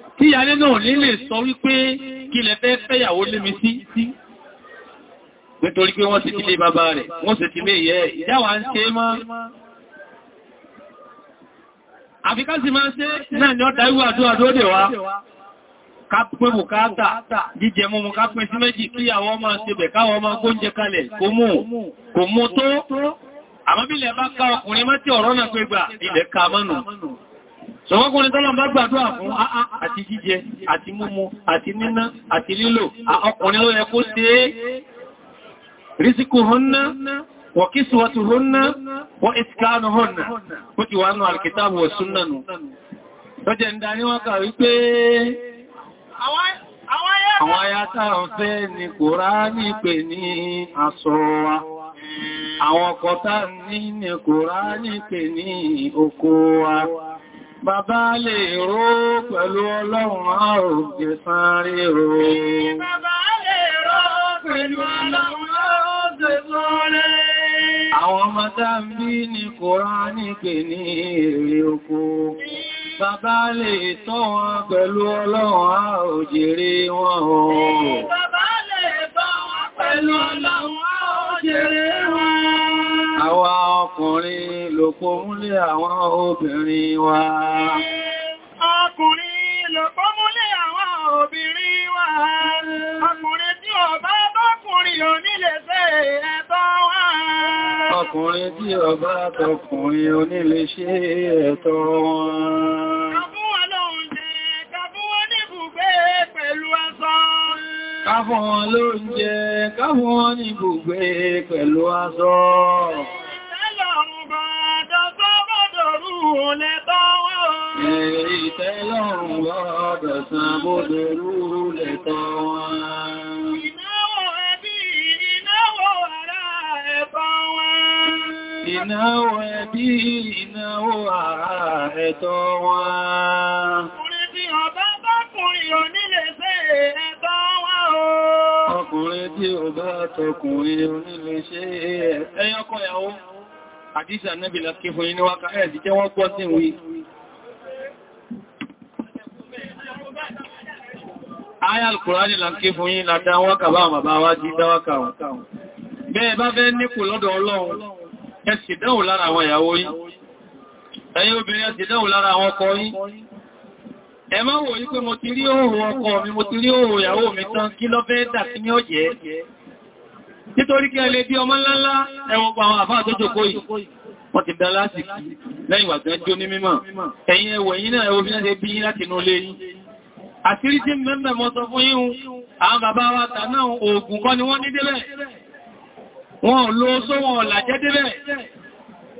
tí ìyálé náà ní lè sọ wípé kí lẹ fẹ́ fẹ́yàwó lé mi sí nítorí pé wọ́n ti kílé bàbá rẹ̀ wọ́n sì ti lé ìyẹ́ ìjáwà ń ṣe mọ́ àfikà sí máa ṣe náà ni ọ́ta ìwà àdúrà lóde wá ká pé bùkátà jíjẹ mú mú ká pín sí méjì kí àwọn máa ṣe bẹ̀ káwọn máa góúnjẹ kalẹ̀ kò mú kò mú tó àmọ́bílẹ̀ bá ká ọkùnrin mọ́ tí ọ̀rọ̀ náà pé ilẹ̀ ká mọ́nù Ṣọ̀wọ́kùnrin tọ́lọ̀ bá gbàdúrà fún àá àti jíjẹ, àti múmu, àti níná, àti lílò, ọkùnrin ló yẹ kó ṣe é. Rísíkù hunna, wa kiswatuhunna, wa iskanuhunna, ó ti wà nù alkitabu wa sunnanu. Tọ́jẹ̀ ń darí wọ́n kà wípé àwọn aya táwọn ni ní aṣọ wa. ní ni Kùránì pè ní oko wa. Bàbá lè ró pẹ̀lú ọlọ́run àròkè sáré ró. Bàbá ro, ró pẹ̀lú ọlọ́run àròkè sáré. Àwọn ọmọdá ń bí ní Kòránì pè ní èrè oko. Bàbá lè tọ́ wọn pẹ̀lú ọlọ́run àròjèrè wọn o. Bàbá lè tọ́ wọn pẹ̀lú ọlọ́run àròjèrè wọn àwa ọkùnrin lòpó múlé àwọn obìnrin wa. Ọkùnrin lòpó múlé àwọn obìnrin wa. Ọkùnrin tí ó bá bọ́kùnrin ò ní lè ṣe ẹ̀tọ́ wa. Ọkùnrin tí ó bá tọkùnrin ò ní lè ṣe ẹ̀tọ́ wọn. Káfún wọn lóúnjẹ, káfún wọn ní ibùgbé pẹ̀lú aṣọ. lẹ tọwọ́. Èrè ìtẹ́lọ́rùn lọ́dọ̀ san bó dẹrú lẹ tọwọ́. Ìnáwó ẹbí, ìnáwó ará ẹ̀tọ́ wọn. Ìnáwó ẹbí, ìnáwó ará ẹ̀tọ́ wọn. Ọkùnrin tí ọba bá kùnrin onílé fẹ́ ẹ̀tọ́ wọn o. Ọkùnrin tí ọba tọkùnrin onílé ṣe ẹ̀yọk àdísì ànábì lákí fún yí ní wákà ẹ̀ẹ̀dì jẹ́ wọ́n gbọ́ sí wí ayà alkùnrin lákí fún yí látà wákà bá bàbá wá jí dáwákà wọn bẹ́ẹ̀ bá bẹ́ nípò lọ́dọ̀ ọlọ́run ẹ sì dánwò lára àwọn ìyàwó yín ẹ̀yin obìnrin ẹ sì dánwò lára àwọn ọkọ yín ẹ má wò nítorí kí ẹlẹ́ bí ọmọ ńláńlá ẹwọ̀n pa àwọn àfáà tó jòkó yìí wọ́n ti dá láti kí lẹ́yìn wà gan jó ní mímọ̀ ẹ̀yin ẹwọ̀ yìí náà ẹwọ̀ fi náà ṣe bí láti inú lé yìí àṣírí tí mẹ́mẹ́ mọ́ sọ fún yíhun àwọn bàbá wa tà náà oògùn kọ́ ni wọ́n ní débẹ̀ wọ́n lo só wọn làjẹ́ débẹ̀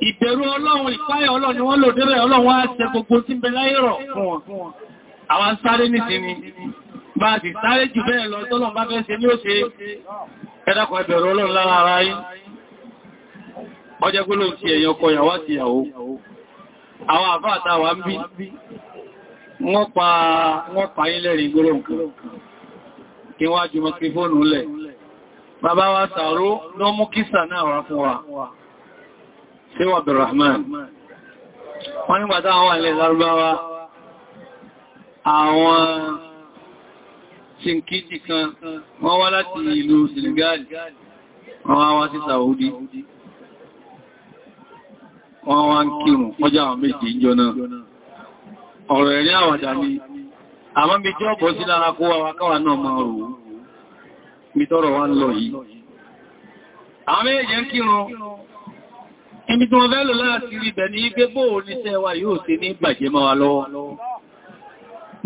ìbẹ̀rù ọlọ́run ìpáyẹ̀ ọlọ́run ni wọ́n lò débẹ̀ ọlọ́run wá ṣe gbogbo tí ń bẹ láyé rọ̀ fún wọn àwọn sáré nìsinmi bá ti sáré jù bẹ́ẹ̀ lọ tọ́lọ̀n bá fẹ́ ṣe ní ó ṣe ẹ̀dàkọ̀ ẹ̀bẹ̀rẹ̀ ọlọ́run lára ara yín ọjẹ́ gbóló ti ẹ̀yàn ọkọ ìyàwó àti ìyàwó àwọn àfáà àtàwà ń bí wọ́n pa wọ́n pa yín lẹ́rìn gbóló nǹkan kí wọ́n ju microphone lẹ̀ bàbá àwọn ṣinkíjì kan wọ́n wá láti ìlú Senegal wọ́n wá sí Saudi wọ́n wá ń kírun ọjà àwọn méjì ìjọ náà ọ̀rọ̀ ẹ̀rin àwàdà ni àmọ́ mi jẹ́ ọ̀pọ̀ sí lára kó wa káwà náà máa rò ó mi tọ́rọ wá ń lọ yìí àwọn méjì ń kírun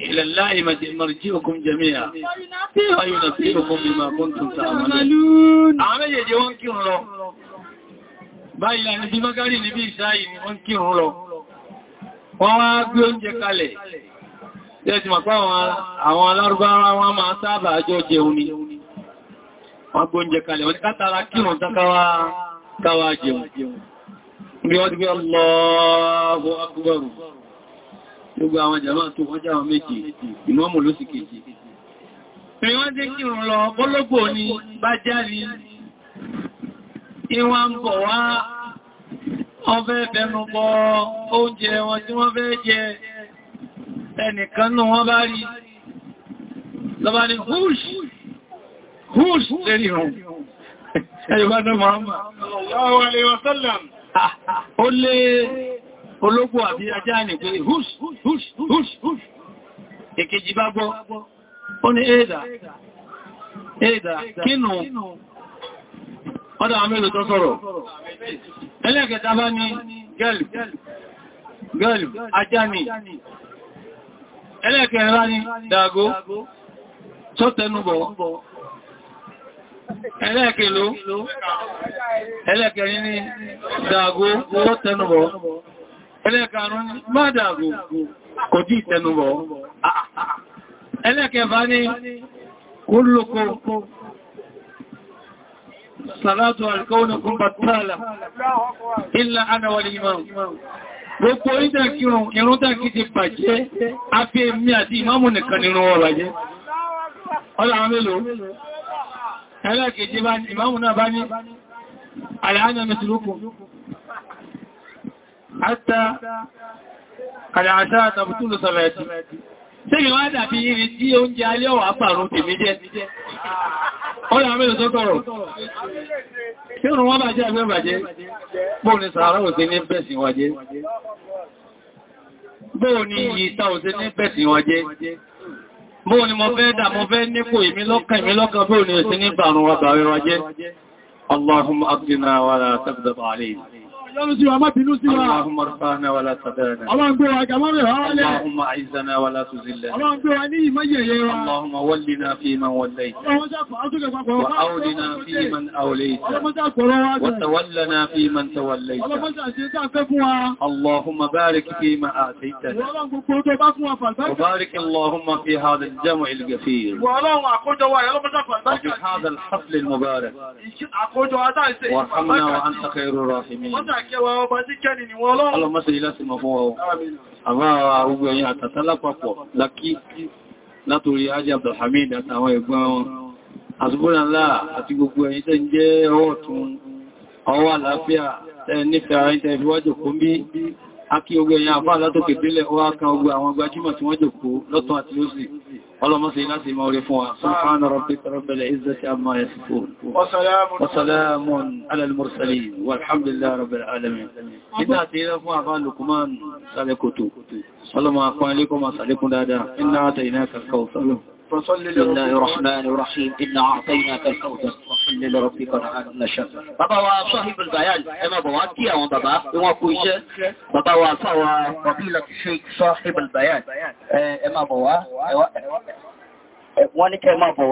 إلى الله مرجعكم جميعا وينبئكم بما كنتم تعملون àwọn méjèèjì wọ́n kírun lọ báyìí láti bí mọ́gárì níbi ìṣáyì ni wọ́n kírun lọ wọ́n wá gbé oúnjẹ kalẹ̀ tẹ́sì mọ̀ pá àwọn alárúbáwá wọ́n máa sáàbà àjọ jẹun ni wọ́n gbé oúnjẹ kalẹ̀ wọ́n kátàrà kírun tákáwà jẹun gbogbo àwọn jàmá tó wọ́n jáwọn méjì ìmọ́mù ló sì kejì rí wọ́n jẹ́ kí ń lọ bọ́lọ́gbò ní bá járí ìwà ń bọ̀ wá ọfẹ́ bẹnubọ oúnjẹ wọn tí wọ́n fẹ́ jẹ ẹnìkan náà wọ́n bá rí lọ́bá ní húùsù húùsù lérí hàn ẹ̀yọ̀bá náà Muhammad ó ológun àbí ajá ní pé húùsù èkejì bá gbọ́ ó ní èdà èdà kínú ọdá àmìlò tó sọ̀rọ̀ ẹlẹ́kẹta bá ní gẹ́lù gẹ́lù ajá ni ẹlẹ́kẹta ní dàgó tó tẹnubọ̀ ẹlẹ́kẹ̀lú ẹlẹ́kẹ̀rin ní dàgó tó tẹnubọ̀ ẹlẹ́karùn máa dàgbò kò dí ìtẹnubọ̀ ẹlẹ́kẹfà ní kúlùkù salatu alkaunakun batala illa ana wal imam gbogbo ìdákírùn irun dákí ti bàjẹ́ afẹ́ mi àti ìmáàmù nìkan nínú wọn bàjẹ́ ọlá mélòó ẹlẹ́kẹjẹ́ bá ní ìmáàmù náà bá ní àyà حتى العشاء تبطل صلاتي Ṣéyìn wá dàbí irin tí ó ń jẹ alẹ́ ọ̀wà pàrún tèmi jẹ́. Ó yà mẹ́lẹ̀ tó tọrọ. Ṣé òun wọ́n bàjẹ́ àgbẹ́ bàjẹ́? Bóò ni sàárọ̀ òsì ní bẹ̀sìn wọ́n jẹ́? Bóò ni yìíta òsì ní bẹ̀sìn wọ́n jẹ́? Bóò ni mo fẹ́ dà mo fẹ́ nípò èmi lọ́kàn èmi lọ́kàn bóò òsì ní bàrún wa Allahumma abdina wa la يرضي وما بنسوا اللهم ارفعنا ولا تدعنا اللهم بوا كمان اللهم عزنا ولا تذلنا اللهم بوا ني ميي اللهم ولنا في من وليت وأولنا في من أوليت وتولنا في من توليت اللهم بارك فيما آتيتنا وبارك اللهم في هذا الجمع الكثير وفي هذا الحفل المبارك وارحمنا وأنت خير الراحمين kẹwà ọba tí kẹ́ni ni wọ́n lọ́wọ́. Ọlọ́mọ́sí láti mọ̀ fún ọ. Àmá ogun ẹ̀yìn àtàtà lápapọ̀ lákí látorí Ajé Abdulhamid àtàwọn ẹ̀gbọ́n wọn. Àtúgbónà ńlá àti gbogbo ẹ̀yìn tẹ́ jẹ́ ọwọ́ tún ọwọ́ àlàáfíà tẹ́ nífẹ̀ẹ́ akí ogun ẹ̀yà àbá látòkè délẹ̀ ó wá kan ogun àwọn gbajúmọ̀ tí wọ́n jòkó lọ́tún àti lóṣì ọlọ́mọ́sí láti mọ́ orí fún wa subhana rabbika rabbil izzati amma yasifun wa salamun ala الله الرحمن الرحيم إن أعطيناك الكوثر وحل لربك وعن شر bàbá wa صاحب البيان ẹ má bọ̀ wá kí àwọn bàbá wọn kú iṣẹ́ bàbá wa sawa fadila sheikh صاحب البيان ẹ má bọ̀ wá wọ́n ní kẹ́ má bọ̀